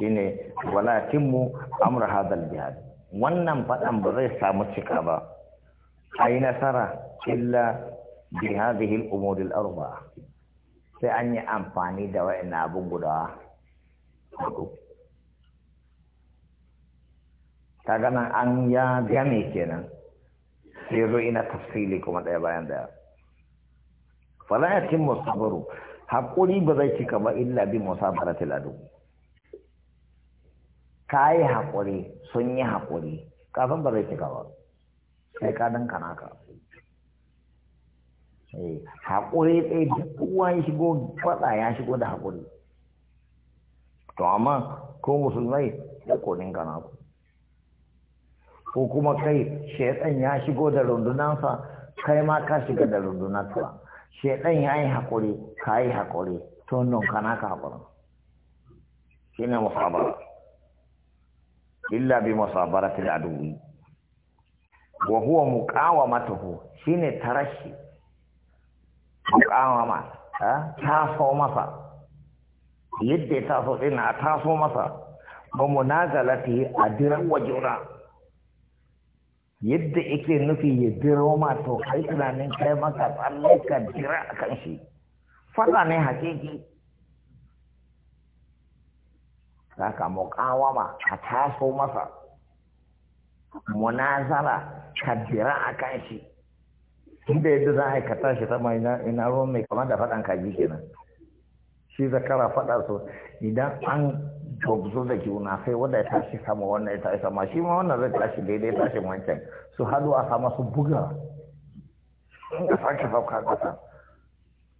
shine wala timmu amra hadal jihad wannan fadan ba zai samu cika ba Ayi nasara illa bi hadhihi al umur arba'a sai an yi amfani da wa'in abun guda Ta gana an ya game kenan sai zo ina tafsili kuma daya bayan daya fala yatimmu sabru haƙuri ba zai cika ba illa bi musabaratil adu ka yi haƙuri sun yi haƙuri kafin ba zai cika ba sai ka ɗan kana ka haƙuri ɗaya duk kowa ya shigo faɗa ya shigo da haƙuri to amma ko musulmai da konin kana ku ko kuma kai shaitan ya shigo da rundunansa kai ma ka shiga da rundunansa shaitan ya yi haƙuri ka yi haƙuri to nan kana ka haƙuri shi ne muhabara illa bi masabaratil aduwi wa huwa muqawamatuhu shine tarashi muqawama ha taso masa yadda ya so din a taso masa ba munazalati a diran wajura yadda yake nufi ya diro ma to kai tunanin kai maka tsalle ka dira kan shi fara ne hakiki saka muƙawama a taso masa munazara ka jira a kan shi inda yadda za a yi ka tashi sama ina ruwan mai kama da faɗan kaji kenan shi zakara faɗa so idan an gabzo da juna sai wanda ya tashi sama wannan ya tashi sama shi ma wannan zai tashi daidai tashi wancan su haɗu a sama su buga in ka sake sauka ƙasa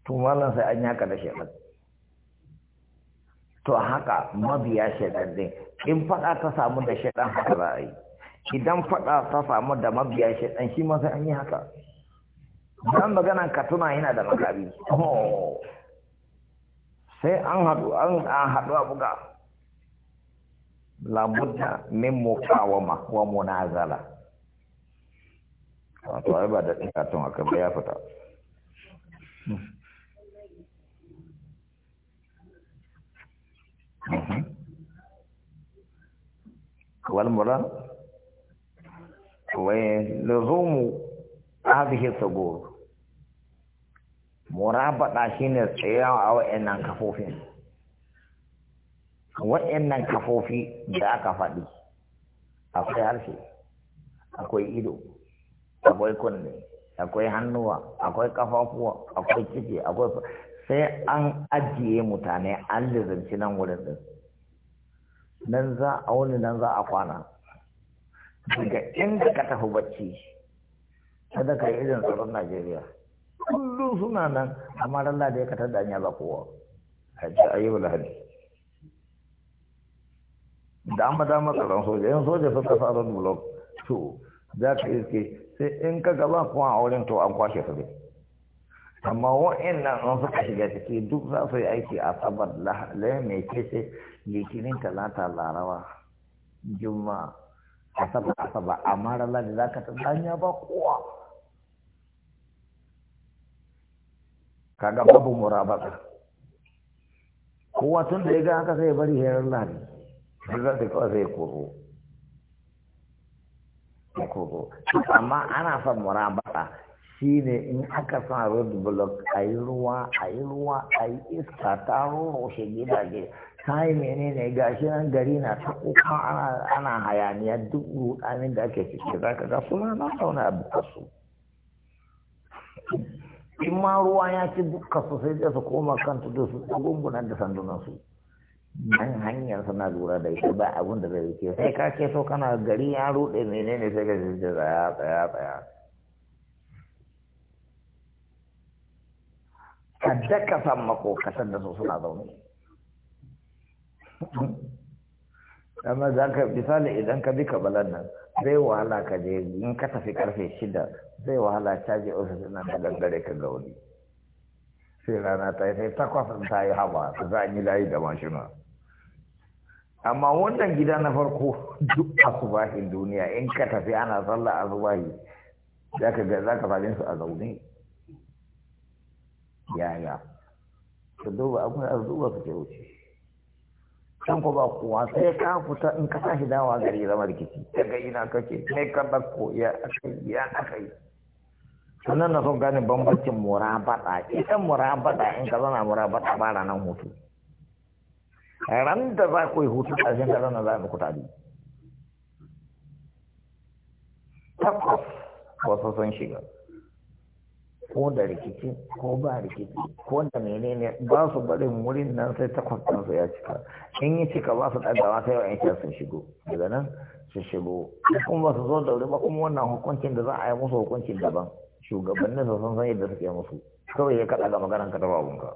to malam sai an yaka da shekaru to haka mabiya shaidan din in fad'a ta samu da shaidan haka za idan fad'a ta samu da mabiya shaidan shi ma sai an yi haka dan maganan ka tuna yana da makabi sai an haɗu an haɗu a buga labudda min muqawama wa munazala wato ai ba da ɗin katon aka ya fita hmm. Mm-hmm. والمراد ولزوم هذه الثغور murabata shine tsayawa a wa'annan kafofin wa'annan kafofi da aka faɗi akwai harshe akwai ido akwai kunne akwai hannuwa akwai kafafuwa akwai ciki akwai sai an ajiye mutane an lizanci nan wurin din nan za a wani nan za a kwana daga inda ka tafi bacci kada ka yi irin tsaron najeriya kullum suna nan amma marar da ka tada da ba kowa hajji ayyul hadi da an bada matsalan soja yin soja sun kasa ron blok to za ka iske sai in ka gaba kuma a wurin to an kwashe su dai amma wa'annan an suka shiga ciki duk za su yi aiki a sabar lahale mai kese litinin talata a sabar a sabar amma mara da za ka ta ba kowa kaga babu murabaka kowa tun da ya ga haka sai bari herar lahadi sai za su kawai sai kuro amma ana son murabaka shi ne in aka sa red block a yi ruwa a yi ruwa a iska ta roroshe gidaje Kai menene gashi nan gari na ta kuka ana hayaniya duk rudanin da ake ciki za ga suna na sauna a bukasu in ma ruwa ya ci bukasu sai da su koma kan tudu su gungunan da sandunansu nan hanyar suna lura da ita ba abin da zai yi sai ka ce so kana gari ya rude menene sai ka ce tsaya tsaya tsaya ka daka san mako kasar da su suna zaune amma za ka misali idan ka bi kabalan nan zai wahala ka je in ka tafi karfe shida zai wahala caji ofis na ta gangare ka ga wani sai rana ta yi sai takwas ta yi hawa su za yi layi da mashina amma wannan gida na farko duk asubahin duniya in ka tafi ana sallah asubahi za ka ga za ka su a zaune yaya ka duba abin arzuwa ka ke wuce can ku ba kuwa sai ka fita in ka tashi dawa gari zama rikici daga ina kake sai ka ko ya akai ya akai sannan na son gane bambancin murabada idan murabada in ka zana murabada ba ranar hutu ran da za ku yi hutu cikin ka na za ku tari takwas wasu sun shiga ko da rikici ko ba rikici ko da menene ba su barin wurin nan sai takwas su ya cika in yi cika ba su ɗagawa sai wa'yan sha sun shigo daga nan su shigo kuma ba su zo da wuri ba kuma wannan hukuncin da za a yi musu hukuncin daban shugabannin su sun san yadda suke musu kawai ya kaɗa ga maganar ka ta ka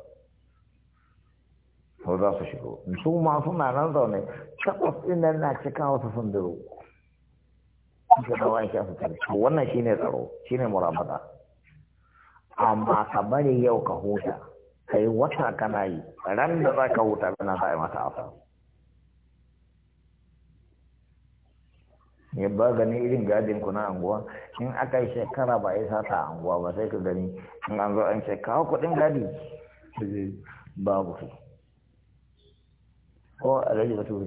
ko za su shigo su ma suna nan zaune takwas ɗin nan na cika wasu sun duro. Ga dawa ya sha su tare. Wannan shine tsaro, shine murabata. amma ka bari yau ka huta kai wata kana yi ran da za ka huta na za a mata afa ya ba gani irin gadin ku na anguwa in aka yi shekara ba ya sata anguwa ba sai ka gani in an zo an ce kawo kuɗin gadi babu su ko alhaji bature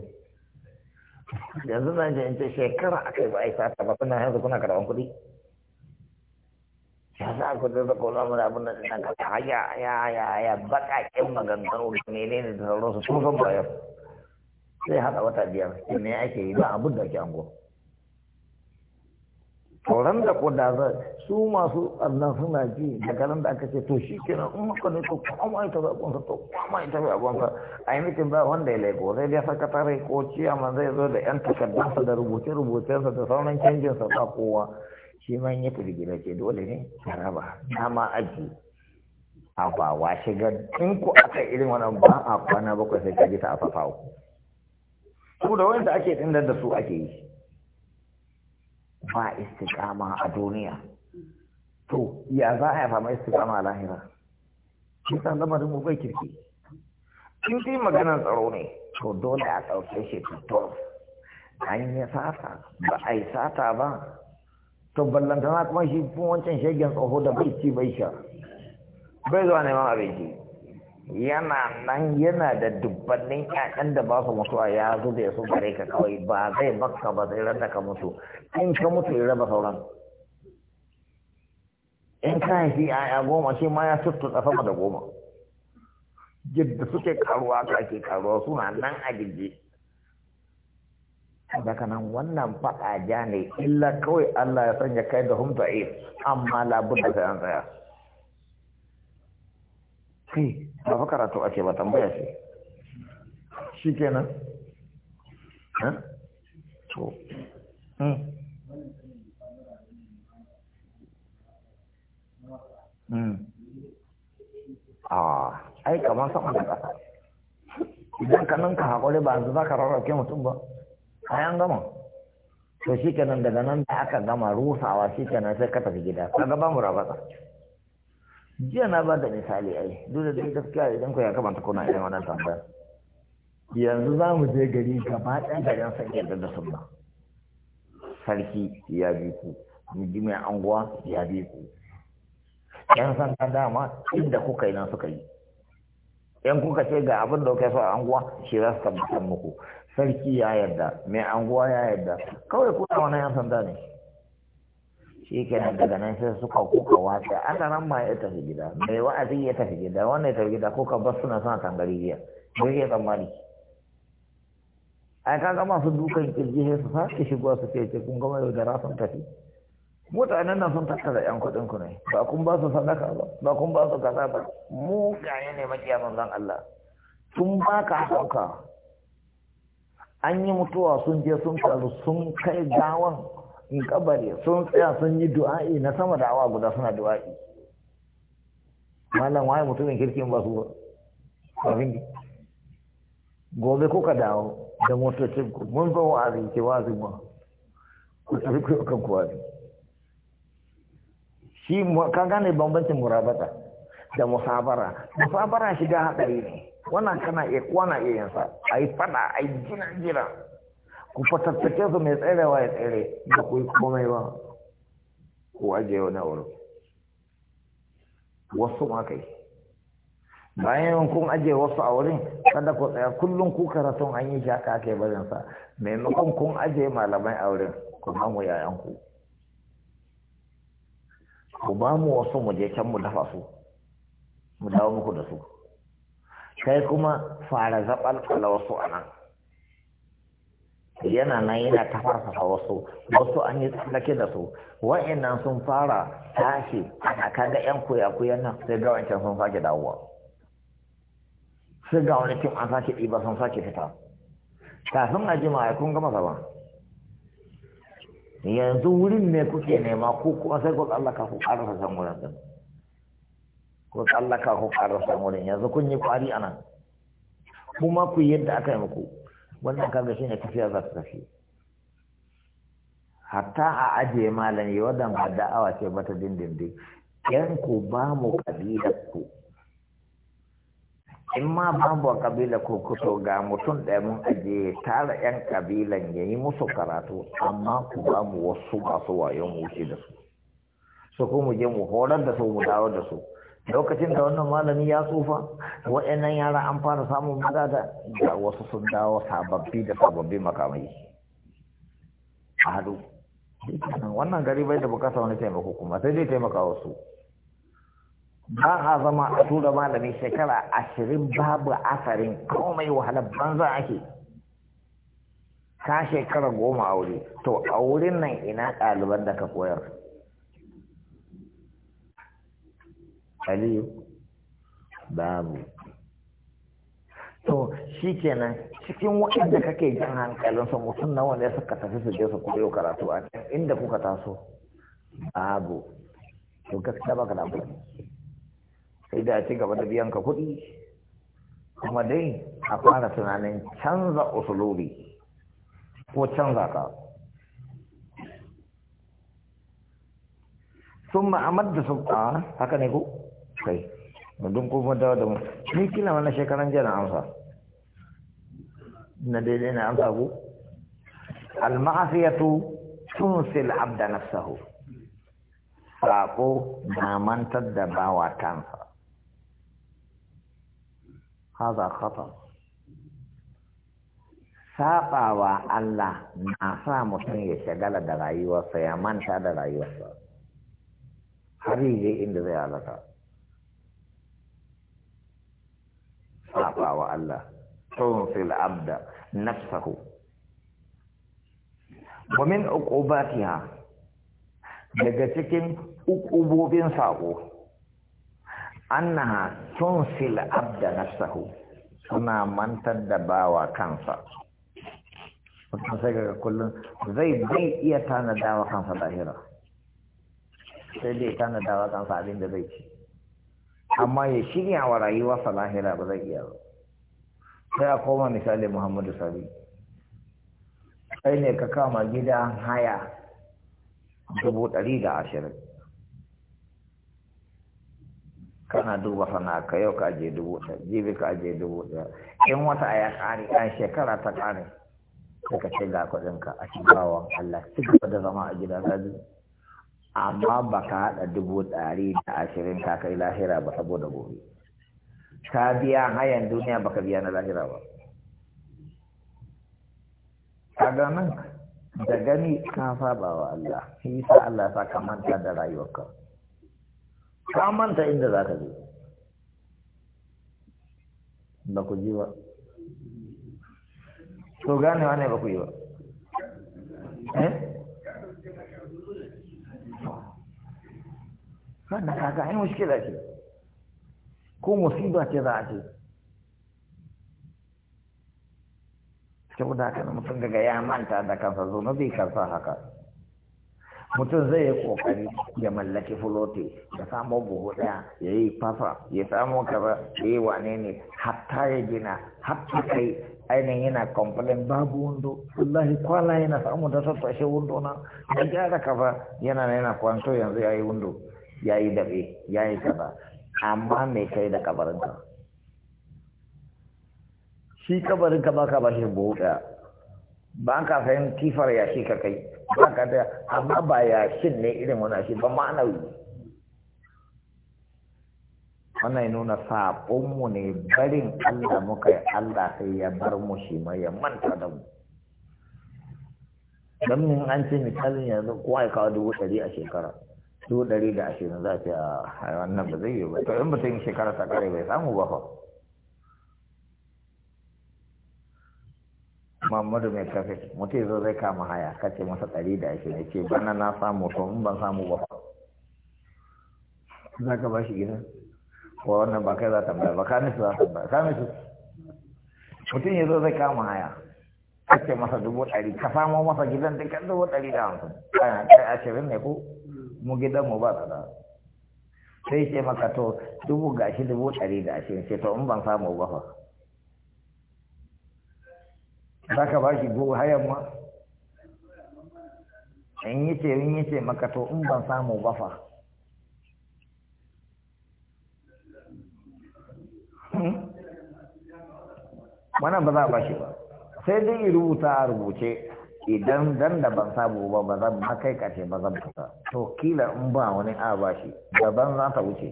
yanzu na ce in ce shekara aka yi ba a yi sata ba kuna yanzu kuna karawan kuɗi ya za ku da kula mana abin da nan ka haya ya ya ya bakaƙen maganganu da menene da sauransu sun san bayan sai hada wata biyar ne ake yi ba abin da ake ango tauran da ko da su masu annan suna ji da garin da aka ce to shi kenan in maka ne to kwama ita ba abunsa to kwama ita ba abunsa a yi mitin ba wanda ya laiko sai dai sakatare ko ciyaman zai zo da yan takardarsa da rubuce-rubucensa da sauran canjinsa ba kowa shi ma ya firgina ce dole ne ya raba ma aji a ba washe ga in ku aka irin wannan ba a kwana bakwai sai kaji ta afafa ku da wanda ake tsindar da su ake yi ba istiqama a duniya to ya za a yafa ma istiqama a lahira shi sa lamarin da mugai kirki in fi maganar tsaro ne to dole a ɗauke shi tutur an yi sata ba a yi sata ba to ballantana kuma shi wancan shagen tsoho da bai ci bai sha bai zuwa neman abinci yana nan yana da dubbannin ƴaƴan da ba su mutuwa ya zo da ya so gare ka kawai ba zai baka ba zai rada ka mutu in ka mutu ya raba sauran in ka haifi ƴaƴa goma shi ma ya ta sama da goma yadda suke karuwa ka ke karuwa suna nan a gidje daga nan wannan faɗa ja ne illa kawai Allah ya sanya kai da hum da'if amma labun da an tsaya kai ba fa karatu ake ba tambaya ce shi kenan to hmm. hmm. a ah, ai kamar sama da ƙasa idan ka ninka haƙuri ba za ka rarrake mutum ba kayan gama to shi kenan daga nan da aka gama rusawa shi kenan sai ka tafi gida ka gaba mu rabata jiya na ba da misali ai duk da dai gaskiya idan ku ya kamata kuna irin wannan tambaya yanzu za mu je gari gaba ɗaya garin san yadda da sunna sarki ya bi ku mai anguwa ya bi ku yan sanda dama inda kuka yi nan suka yi yan kuka ce ga abin da kuka so a anguwa shi za su tabbatar muku sarki ya yarda mai anguwa ya yarda kawai kuna wani yan sanda ne shi nan daga nan sai suka kuka watsa aka nan ma ya tafi gida mai wa'azi ya tafi gida wannan ya tafi gida ko ka bar suna suna tangari giya don ya tsammani ai kaga masu dukan kirji sai su sake shigowa su ce ce kun gama yau da rafin tafi mutanen nan sun tattara yan kuɗin ku ne ba kun ba su sadaka ba ba kun ba su kaza ba mu gane ne makiya manzon Allah sun baka hauka an yi mutuwa sun je sun karu sun kai gawan in kabari sun tsaya sun yi du'a'i na sama da awa guda suna du'a'i malam waye mutumin kirkin ba su kafin gobe kuka dawo da motocin ku mun zo wa'azi ke wa ma ku tafi ku kan ku ne. shi ka gane bambancin murabata da musabara musabara shiga haɗari ne wannan kana iya kwana iya yansa a yi fada a yi jina-jina ku fatattake su mai tserewa ya tsere ba ku yi komai ba ku ajiye wani wurin wasu ma kai bayan kun ajiye wasu a wurin kada ku tsaya kullum ku karatun an yi shaka ake barin sa maimakon kun ajiye malamai a wurin ku ba mu yayan ku ku ba mu wasu mu je can mu dafa su mu dawo muku da su kai kuma fara zaɓalɓala wasu a nan yana nan yana ta farfasa wasu wasu an yi tsallake da su wa'annan sun fara tashi ana kaga yan koya-koyan nan sai ga wancan sun sake dawowa sai ga wani cin an sake ɗiba sun sake fita kafin a jima ya kun gama ba yanzu wurin ne kuke nema ko kuma sai ku tsallaka ku ƙarasa san wurin ko tsallaka ko ƙarar samurin yanzu kun yi kwari anan. nan kuma ku yadda aka yi muku wannan kaga shi tafiya za ta tafi hatta a ajiye malami wadda ba da'awa ce ba ta dindindin yan ku ba mu kabilar ku in ma ba mu kabilar ku ga mutum ɗaya mun ajiye tara yan kabilan ya yi musu karatu amma ku ba mu wasu masu wayon wuce da su su mu je mu horar da su mu dawo da su lokacin da wannan malami ya tsufa waɗannan yara an fara samun maza da wasu sun dawo sababbi da sababbi makamai a hadu wannan gari bai da bukata wani taimako kuma sai dai taimaka wasu ba a zama a tura malami shekara ashirin babu asarin komai wahalar banza ake ka shekara goma aure to a wurin nan ina ɗaliban da ka koyar aliyu babu to shi kenan cikin waɗanda kake hankalin hankalinsa mutum nawa ne suka tafi su je su koyo karatu a can inda kuka taso babu to gaskiya baka da kuɗi sai da ci gaba da biyan ka kuɗi kuma dai a fara tunanin canza usulobi ko canza ka sun ma'amar da sulta haka ne ko kai don kuma dawo da ni kila wannan shekaran jiya na amsa na daidai na amsa ku al-ma'asiyatu tunsil abda nafsahu sako na mantar da bawa kansa haza khata sabawa Allah na sa mutum ya shagala da rayuwarsa ya manta da rayuwarsa har yi inda zai alaka. saba wa Allah fil abda nafsahu wa min uqubatiha daga cikin uqubobin sako annaha fil abda nafsahu suna mantar da bawa kansa mutum sai ga kullum zai zai iya tanadawa kansa lahira sai dai tana dawa kansa abin da zai ci amma ya shirya wa rayuwarsa lahira ba zai iya ba sai a koma misali muhammadu sabi sai ne ka kama gidan haya dubu ɗari da ashirin kana duba sana ka yau ka je dubu ɗaya jibi ka je dubu ɗaya in wata ya ƙare an shekara ta ƙare sai ka ce ga kuɗinka a shigawa Allah ci da zama a gidan gadi amma baka ka haɗa dubu dari da ashirin ka kai lahira ba saboda gobe ka biya hayan duniya ba ka biya na lahira ba kaga nan da gani ka saba wa Allah shi yasa Allah sa ka manta da rayuwarka ka manta inda za ka je ba ku ji ba to ganewa ne ba ku yi ba eh wannan kaga ai mushkila ce ko musiba ce za a ce da haka mutum daga ya manta da kansa zo zai karfa haka mutum zai yi kokari ya mallaki fulote ya samo buhu daya ya yi fafa ya samu kaza ya yi wane ne hatta ya gina hatta kai ainihin yana complain babu wando wallahi kwala yana samu da tattashe wando na ya gyara kaza yana yana kwanto yanzu ya yi wando ya yi dabe ya yi kaza amma mai kai da kabarinka shi kabarinka ba ka ba shi buhu ɗaya ba ka kifar yashi ka kai ba ka da amma ba yashin ne irin wani shi ba ma'anawi wannan ya nuna saƙonmu ne barin Allah muka yi Allah sai ya bar mu shi mai ya manta da mu don min an ce misalin yanzu kowa ya kawo dubu ɗari a shekara dubu ɗari da ashirin za ta a wannan ba zai yi ba to in mutum shekara ta kare bai samu ba fa mamadu mai kafe mutum zo zai kama haya kace masa ɗari da ashirin ce bana na samu to in ban samu ba za ka ba shi gida ko wannan ba kai za ta ba ka nufi za ta ba ka nufi mutum ya zo zai kama haya kace masa dubu ɗari ka samo masa gidan dukkan dubu ɗari da hamsin kai ashirin ne ko mu gidanmu da tsada sai ce maka to dubu gashi dubu ɗari da ashirin ce to in ban samu ba fa za ka ba shi buhu hayan ma in yi ce in yi ce maka to in ban samu ba fa hmm? wannan ba za a ba shi ba sai dai rubuta a rubuce idan dan da ban samu ba ba zan kai kace ba zan fita to kila in ba wani a ba shi gaban za ta wuce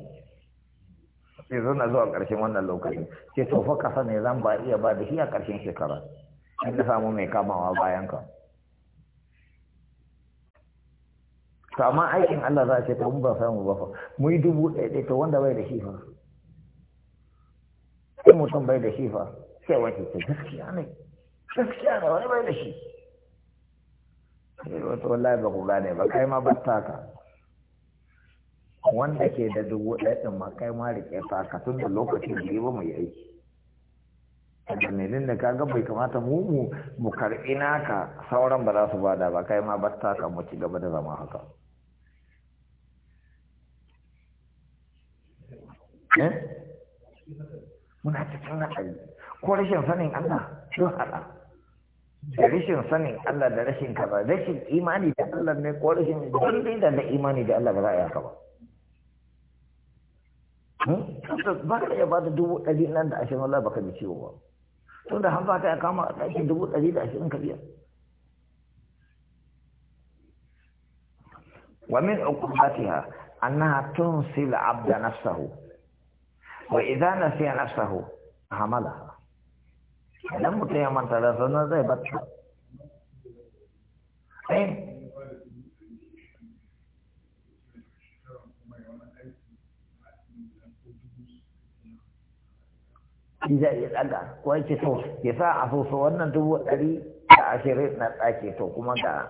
sai zo na zuwa karshen wannan lokacin ce to fa kasa ne zan ba iya ba da shi a karshen shekara in ka samu mai kamawa bayan ka to amma aikin Allah za a ce to mun ba samu ba fa mu yi dubu ɗaya ɗaya to wanda bai da shi fa sai mutum bai da shi fa sai wace ce gaskiya ne gaskiya ne wani bai da shi Eh, wato wallahi ba ku gane ba kai ma wanda ke da dubu ɗaya ɗin ma kai ma riƙe ta ka tun da lokacin da ba mu yi aiki dalilin da kaga bai kamata mu mu mu karɓi naka sauran ba za su bada ba kai ma mu ci gaba da zama haka eh? muna cikin haɗari ko rashin sanin Allah sun haɗa da rashin sanin Allah da rashin kaza rashin imani da Allah ne ko rashin daidai da na imani da Allah ba za a yaka ba hmm? ba ka iya ba da dubu ɗari nan da ashirin Allah baka bi ciwo ba tun da hanfa ta ya kama a ɗaki dubu ɗari da ashirin ka biya wa min uqubatiha annaha tunsil abda nafsahu wa idza nasiya nafsahu hamalaha idan mutum ya manta da sanar zai bata eh Iza ya tsaga, ko yake to, ya sa a soso wannan dubu ɗari da ashirin na tsake to kuma ga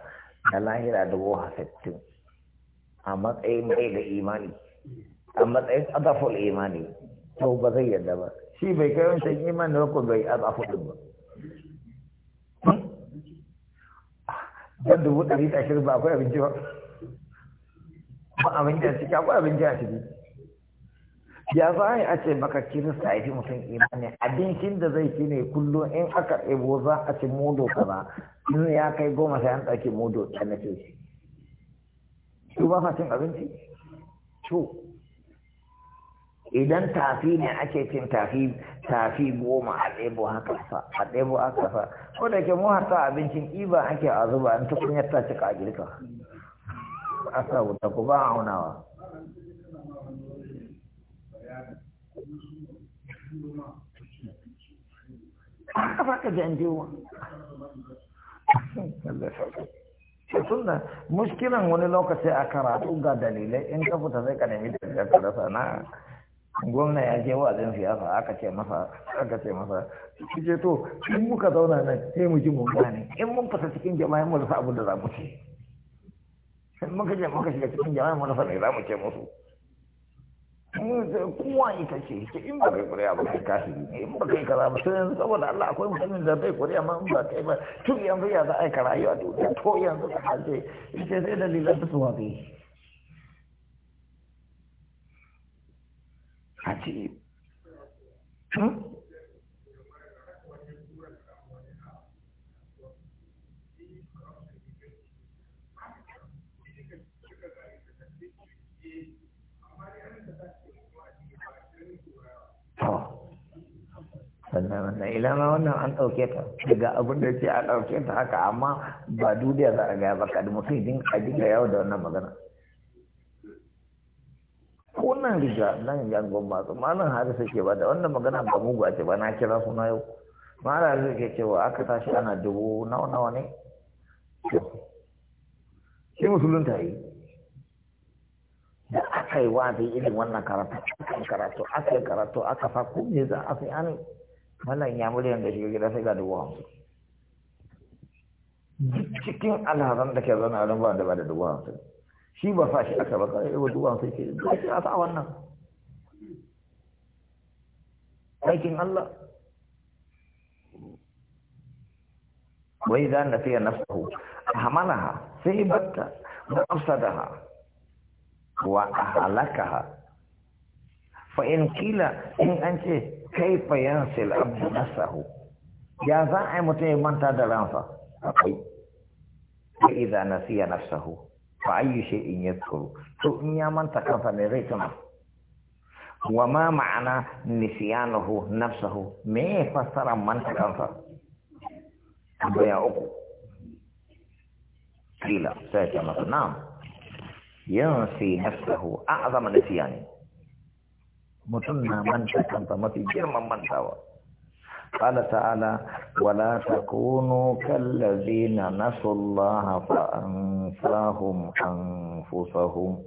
da lahira dubu hasattin a matsayin ɗaya da imani, a matsayin adaful imani, to ba zai yadda ba. shi bai kai wancan imanin da ko bai azafu din ba don dubu ɗari da ashirin ba akwai abinci ba ba abinci a ciki akwai abinci a ciki ya za a ce maka kirista ya fi mutum imani abincin da zai ci ne kullum in aka ɗebo za a ci modo kaza in ya kai goma sai an ɗauki modo ɗaya na ce shi su ba ka cin abinci Shu. idan tafi ne ake cin tafi tafi goma a ɗebo haka fa a ɗebo haka fa ko da ke mu hata abincin iba ake a zuba an tukunyar ta cika a girka a sa wuta ku ba aunawa haka fa ka jan sunna muskilan wani lokaci a karatu ga dalilai in ka fita sai ka nemi da ka rasa na gwamna ya je wa'azin siyasa aka ce masa aka ce masa shi to in muka zauna nan sai mu ji mu gane in mun fita cikin jama'a mu rasa abin da za mu ce sai muka je muka shiga cikin jama'a mu rasa me za mu ce musu hmm, kuwa ita ce ke in ba kai kuriya ba kai kashi ne in ba kai kaza ba sai yanzu saboda Allah akwai mutumin da bai kuriya ma in ba kai ba tun yanzu ya za a yi rayuwa duniya to yanzu ka ce ita sai dalilan su wabe ajib sannan hmm? wannan ilama wannan an ɗauke ta daga abin da ce a ɗauke ta haka amma ba duniya za a gaya ba ka mutum din a dinga yawo da wannan magana Wannan nan riga nan yangon masu malam harisa ke ba da wannan magana ba mu gwaje ce ba na kira suna yau malam harisa ke cewa aka tashi ana dubu nawa nawa ne shi ta yi da aka yi wa da irin wannan karatu aka karatu aka karatu aka fa ko me za a fi an malam ya muryan da shiga gida sai ga dubu hamsin cikin alhazan da ke zana a da ba da dubu hamsin shi ba sa shi aka ba kawai yau duwan sai ce ba a sa wannan aikin Allah wai za na fiye nafsahu a hamalaha sai batta da afsadaha wa a halakaha fa in kila in an ce kaifa yansil abdu nasahu ya za a yi mutum manta da ransa akwai fa idza nasiya nafsahu فأي شيء يدخل تؤني من تكفل ريتنا وما معنى نسيانه نفسه ما فسر من تكفل بيا أكو كلا سيتم نعم ينسي نفسه أعظم نسيانه متنا من تكفل متجرم من تكفل قال تعالى ولا تكونوا كالذين نسوا الله فأنساهم أنفسهم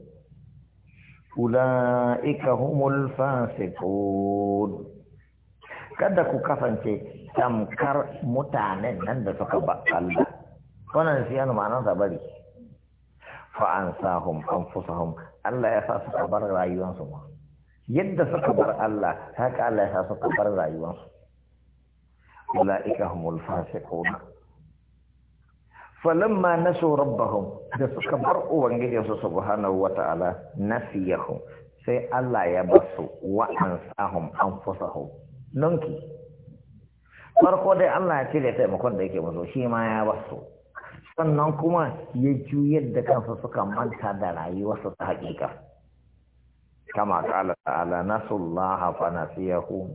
أولئك هم الفاسقون kada ku kasance tamkar mutanen nan da suka ba Allah wannan shi yana ma'anar da bari fa ansahum anfusahum Allah ya sa suka bar rayuwarsu ma yadda suka bar Allah haka Allah ya sa suka bar rayuwarsu ula'ika hum al-fasiqun falamma nasu rabbahum da suka bar ubangiji su subhanahu wa ta'ala nasiyahum sai Allah ya basu wa ansahum anfusahum nanki farko dai Allah ya ce da taimakon da yake musu shi ma ya basu sannan kuma ya juyar da kansu suka manta da rayuwarsu ta hakika kama kala ta'ala nasu Allah fa nasiyahum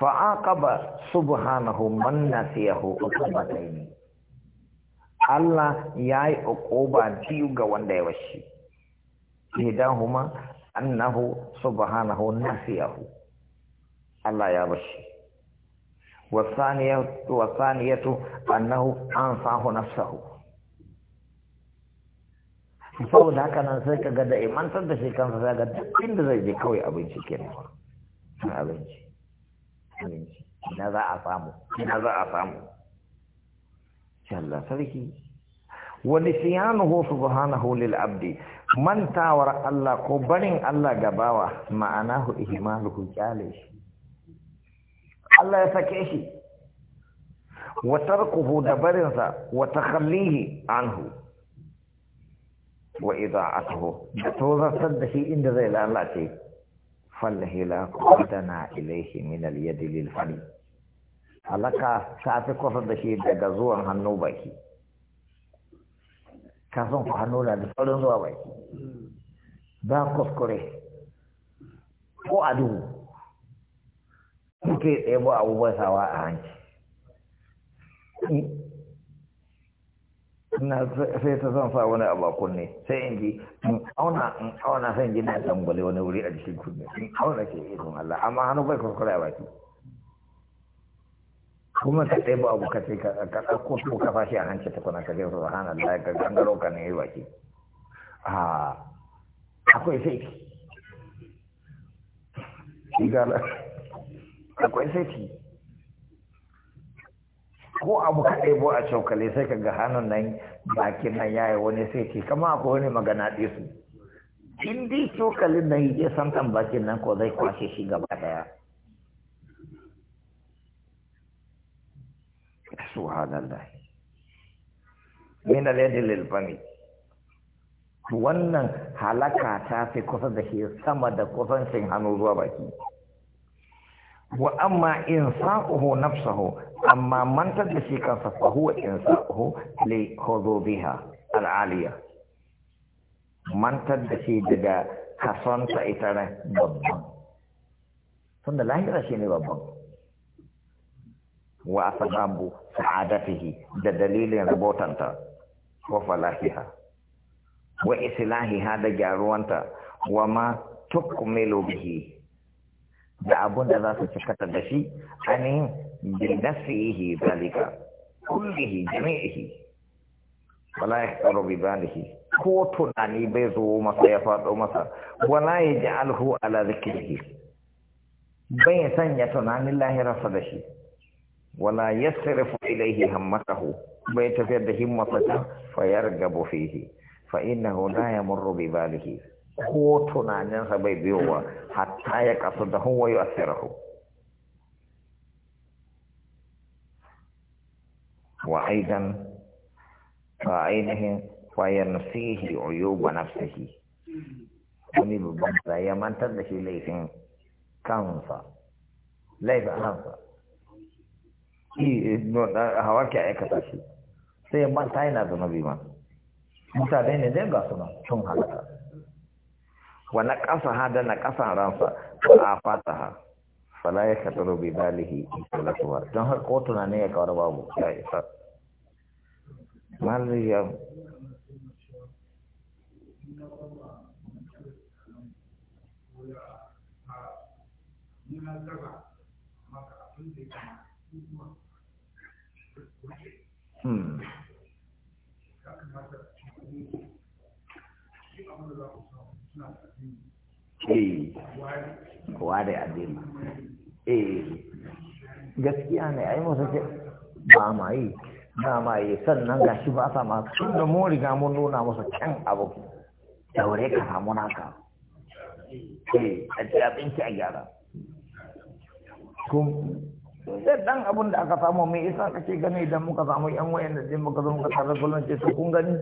fa'aqaba subhanahu man nasiyahu ukubataini Allah yayi ukuba biyu ga wanda ya washi hidahuma annahu subhanahu nasiyahu Allah ya washi wasaniyatu wasaniyatu annahu ansahu nafsahu da haka nan sai ka ga da imantar da shi kansa sai ga duk inda zai je kawai abinci kenan abinci Eh, ina za a samu ina za a samu Allah sarki wani subhanahu lil abdi mantawar Allah ko barin Allah gabawa ma'anahu ihmaluhu kyale shi Allah ya sake shi wa tarkuhu da barinsa wa takhallihi anhu wa ida'atuhu da tozartar da shi inda zai lalace فالهلاك أدنى إليه من اليد للفريق halaka ta fi kusa da shi daga zuwan hannu baki Ka son ku hannu na da tsarin zuwa baki ba kuskure ko a duhu kuke tsebo abubuwan sawa a hanci na sai ta zan sa wani abu a kunne sai in ji in auna in auna sai in ji na tambale wani wuri a jikin kunne in auna ke ikon Allah amma hannu bai kuskure a baki kuma ka ɗaya ba abu ka ce ka ɗauko su ka fashi a hanci ta kuna ka ce su hana Allah ka gangaro ka ne baki a akwai sai akwai sai ko abu ka ɗebo a cokali sai ka ga hannun nan bakin nan yayi wani sai ce kama akwai wani magana ɗesu in dai cokalin nan ya bakin nan ko zai kwashe shi gaba ɗaya subhanallah min al da lil fami wannan halaka ta fi kusa da shi sama da kusancin hannu zuwa baki wa amma in sa'uhu nafsahu amma mantar da shi kansa fa huwa sa'uhu li hudubiha al'aliya mantar da shi daga kasonta ita babban tunda lahira shi ne babban wa sababu sa'adatihi da dalilin rabotanta wa falahiha wa islahiha da gyaruwanta wa ma tukmilu bihi da abun da za su cikata da shi ainihin bin zalika kullihi jami'ihi wala ya tsaro bi balihi ko tunani bai zo masa ya faɗo masa wala ya ji alhu ala zikirhi bai sanya tunanin lahirarsa da shi wala ya sarrafa ilaihi hammatahu bai tafiyar da himmatsa fa yargabu fihi fa innahu la yamurru bi balihi ko tunaninsa bai biyo wa? hatta ya kasu da hunwayo a sirahu wa aidan fa ainihin fa yansihi uyuba nafsihi wani babban da ya mantar da shi laifin kansa laifin kansa hawa ke aikata shi sai ya manta yana zunubi ma mutane ne dai ga suna cin halatta wa na ƙasa ha da na ƙasan ransa ba a fata ha fala ya kataro bi dalihi isolatuwa don har ko tunanin ya kawar babu ya isa mariya Hmm. eh kowa da addini eh gaskiya ne ai musu ce ba ma yi ba ma yi sannan gashi ba sa ma tun da mun riga mun nuna musu can abu daure ka samu naka eh a ci abinci a gyara da dan abun da aka samu mai isa kace gane idan muka samu yan wayan da din muka zo muka tarar kullun ce su kun gani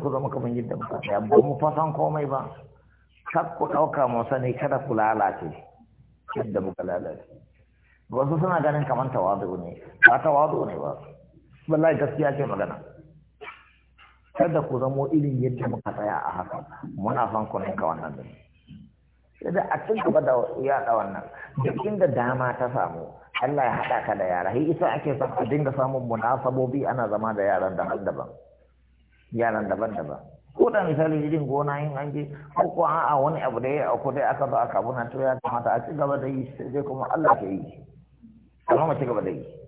ku zama kamar yadda muka tsaya ba mu fasan komai ba kar ku ɗauka mu sani kada ku lalace yadda muka lalace wasu suna ganin kamar tawadu ne ba tawadu ne ba wallahi gaskiya ce magana kada ku zamo irin yadda muka tsaya a haka muna son ku ninka wannan da sai da a cin gaba da yaɗa wannan duk inda dama ta samu Allah ya haɗa ka da yara hi isa ake son a dinga samun munasabobi ana zama da yaran daban-daban yaran daban-daban ko da misali irin gona yin an je ko ko a wani abu da ya auku dai aka zo aka abu na to ya kamata a ci gaba da yi sai kuma Allah ke yi amma mu ci gaba da yi